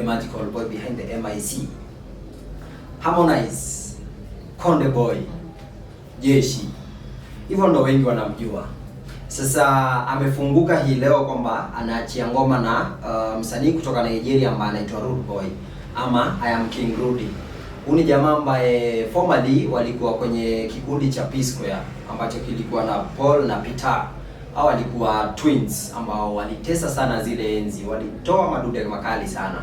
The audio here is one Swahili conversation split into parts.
the magical boy behind the MIC, Harmonize, Konde Boy, Jeshi, hivyo ndo wengi wanamjua. Sasa amefunguka hii leo kwamba anaachia ngoma na uh, msanii kutoka Nigeria ambaye anaitwa Rude Boy ama I am King Rudy. Huyu ni jamaa ambaye formerly walikuwa kwenye kikundi cha P Square ambacho kilikuwa na Paul na Peter. Hao walikuwa twins ambao walitesa sana zile enzi, walitoa madude makali sana.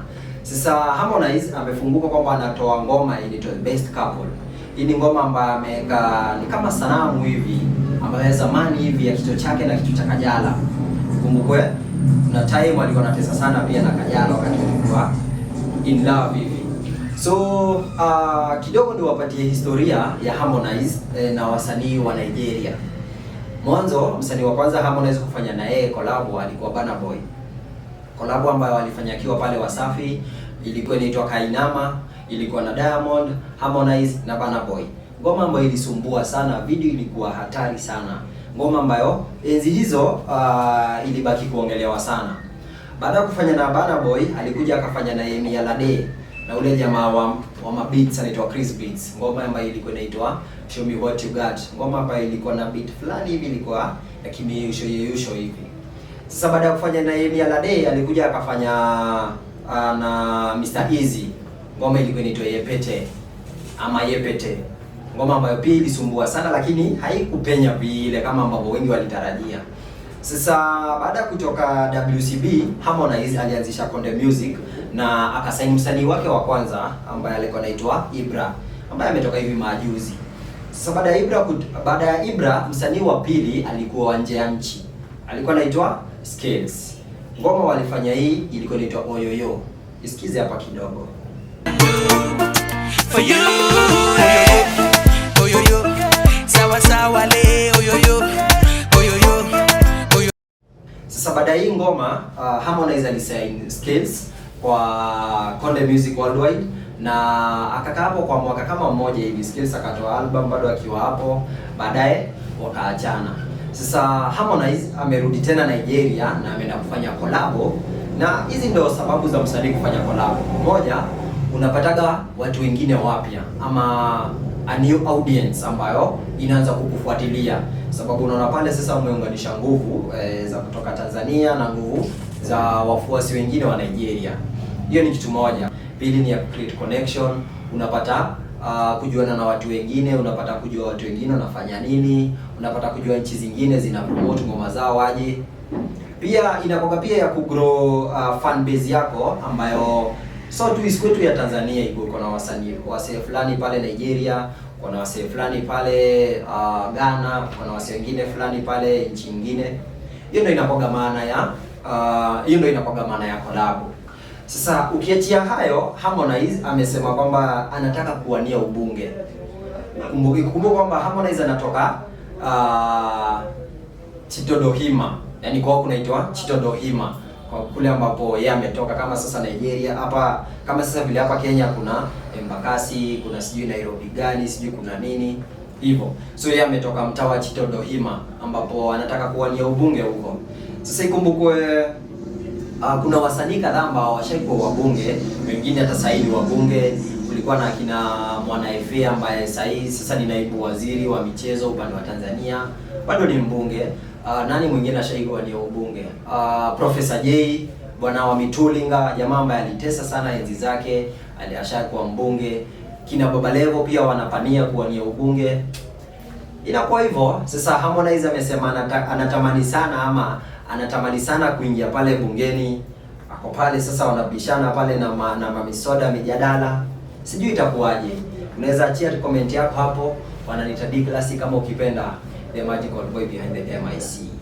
Sasa Harmonize amefunguka kwamba anatoa ngoma inaitwa Best Couple. Hii ni ngoma ambayo ameweka ni kama sanamu hivi ambayo zamani hivi ya kichwa chake na kichwa cha Kajala. Kumbukwe na time alikuwa na pesa sana pia na Kajala wakati alikuwa in love hivi. So uh, kidogo ndio wapatie historia ya Harmonize eh, na wasanii wa Nigeria. Mwanzo msanii wa kwanza Harmonize kufanya na yeye collab alikuwa Burna Boy kolabo ambayo walifanyakiwa pale Wasafi, ilikuwa inaitwa Kainama, ilikuwa na Diamond, Harmonize na Bana Boy. Ngoma ambayo ilisumbua sana, video ilikuwa hatari sana, ngoma ambayo enzi hizo uh, ilibaki kuongelewa sana. Baada ya kufanya na Bana Boy, alikuja akafanya na Yemi Alade na ule jamaa wa, wa mabeats anaitwa Chris Beats, ngoma ambayo ilikuwa inaitwa Show Me What You Got, ngoma ambayo ilikuwa na beat fulani hivi, ilikuwa ya kimiyeyusho yeyusho hivi sasa baada ya kufanya na Yalade alikuja akafanya ah, na Mr Easy, ngoma ilikuwa inaitwa Yepete ama Yepete, ngoma ambayo pia ilisumbua sana, lakini haikupenya vile kama ambavyo wengi walitarajia. Sasa baada ya kutoka WCB, Harmonize alianzisha Konde Music na akasaini msanii wake wa kwanza ambaye alikuwa anaitwa Ibra ambaye ametoka hivi majuzi. Sasa baada ya Ibra, baada ya Ibra msanii wa pili alikuwa nje ya nchi alikuwa anaitwa Skills. Ngoma walifanya hii ilikuwa inaitwa Oyoyo. Isikize hapa kidogo. For you, eh. Oyoyo. Sawa sawa le Oyoyo. Oyoyo. Oyoyo. Sasa baada ya hii ngoma uh, Harmonize alisign Skills kwa Konde Music Worldwide na akakaa hapo kwa mwaka kama mmoja hivi. Skills akatoa album bado akiwa hapo, baadaye wakaachana. Sasa Harmonize amerudi tena Nigeria na ameenda kufanya kolabo, na hizi ndio sababu za msanii kufanya kolabo. Moja, unapataga watu wengine wapya ama a new audience ambayo inaanza kukufuatilia, sababu unaona pale sasa umeunganisha nguvu e, za kutoka Tanzania na nguvu za wafuasi wengine wa Nigeria. Hiyo ni kitu moja. Pili ni ya create connection, unapata uh, kujuana na watu wengine, unapata kujua watu wengine wanafanya nini, unapata kujua nchi zingine zina promote ngoma zao waje. Pia inakoga pia ya kugrow uh, fan base yako ambayo so tu isikwetu ya Tanzania iko kuna wasanii wasee fulani pale Nigeria, kuna wasee fulani pale uh, Ghana, kuna wasee wengine fulani pale nchi nyingine. Hiyo ndio inakoga maana ya hiyo uh, ndio inakoga maana ya collab. Sasa ukiachia hayo, Harmonize amesema kwamba anataka kuwania ubunge. Kumbuki kumbuka kwamba Harmonize anatoka uh, Chitodohima, yaani kwao kunaitwa Chitodohima kwa kule ambapo yeye ametoka, kama sasa Nigeria hapa, kama sasa vile hapa Kenya kuna Embakasi, kuna sijui Nairobi gani, sijui kuna nini hivyo. So yeye ametoka mtaa wa Chitodohima ambapo anataka kuwania ubunge huko. Sasa ikumbukwe Uh, kuna wasanii kadhaa ambao washaikuwa wabunge, wengine hata sasa hivi wabunge. Kulikuwa na kina Mwana FA ambaye sasa hivi sasa ni naibu waziri wa michezo upande wa Tanzania, bado ni mbunge. Uh, nani mwingine ashaikuwa ni ubunge? Uh, ah, Profesa J bwana wa Mitulinga, jamaa ambaye alitesa sana enzi zake, aliashakuwa mbunge. Kina Baba Levo pia wanapania kuwania ubunge, inakuwa hivyo sasa. Harmonize amesema anata, anatamani sana ama anatamani sana kuingia pale bungeni, ako pale sasa, wanabishana pale na, ma, na mamisoda mijadala, sijui itakuwaje. Unaweza achia comment yako hapo, wananita D class kama ukipenda, the magical boy behind the MIC.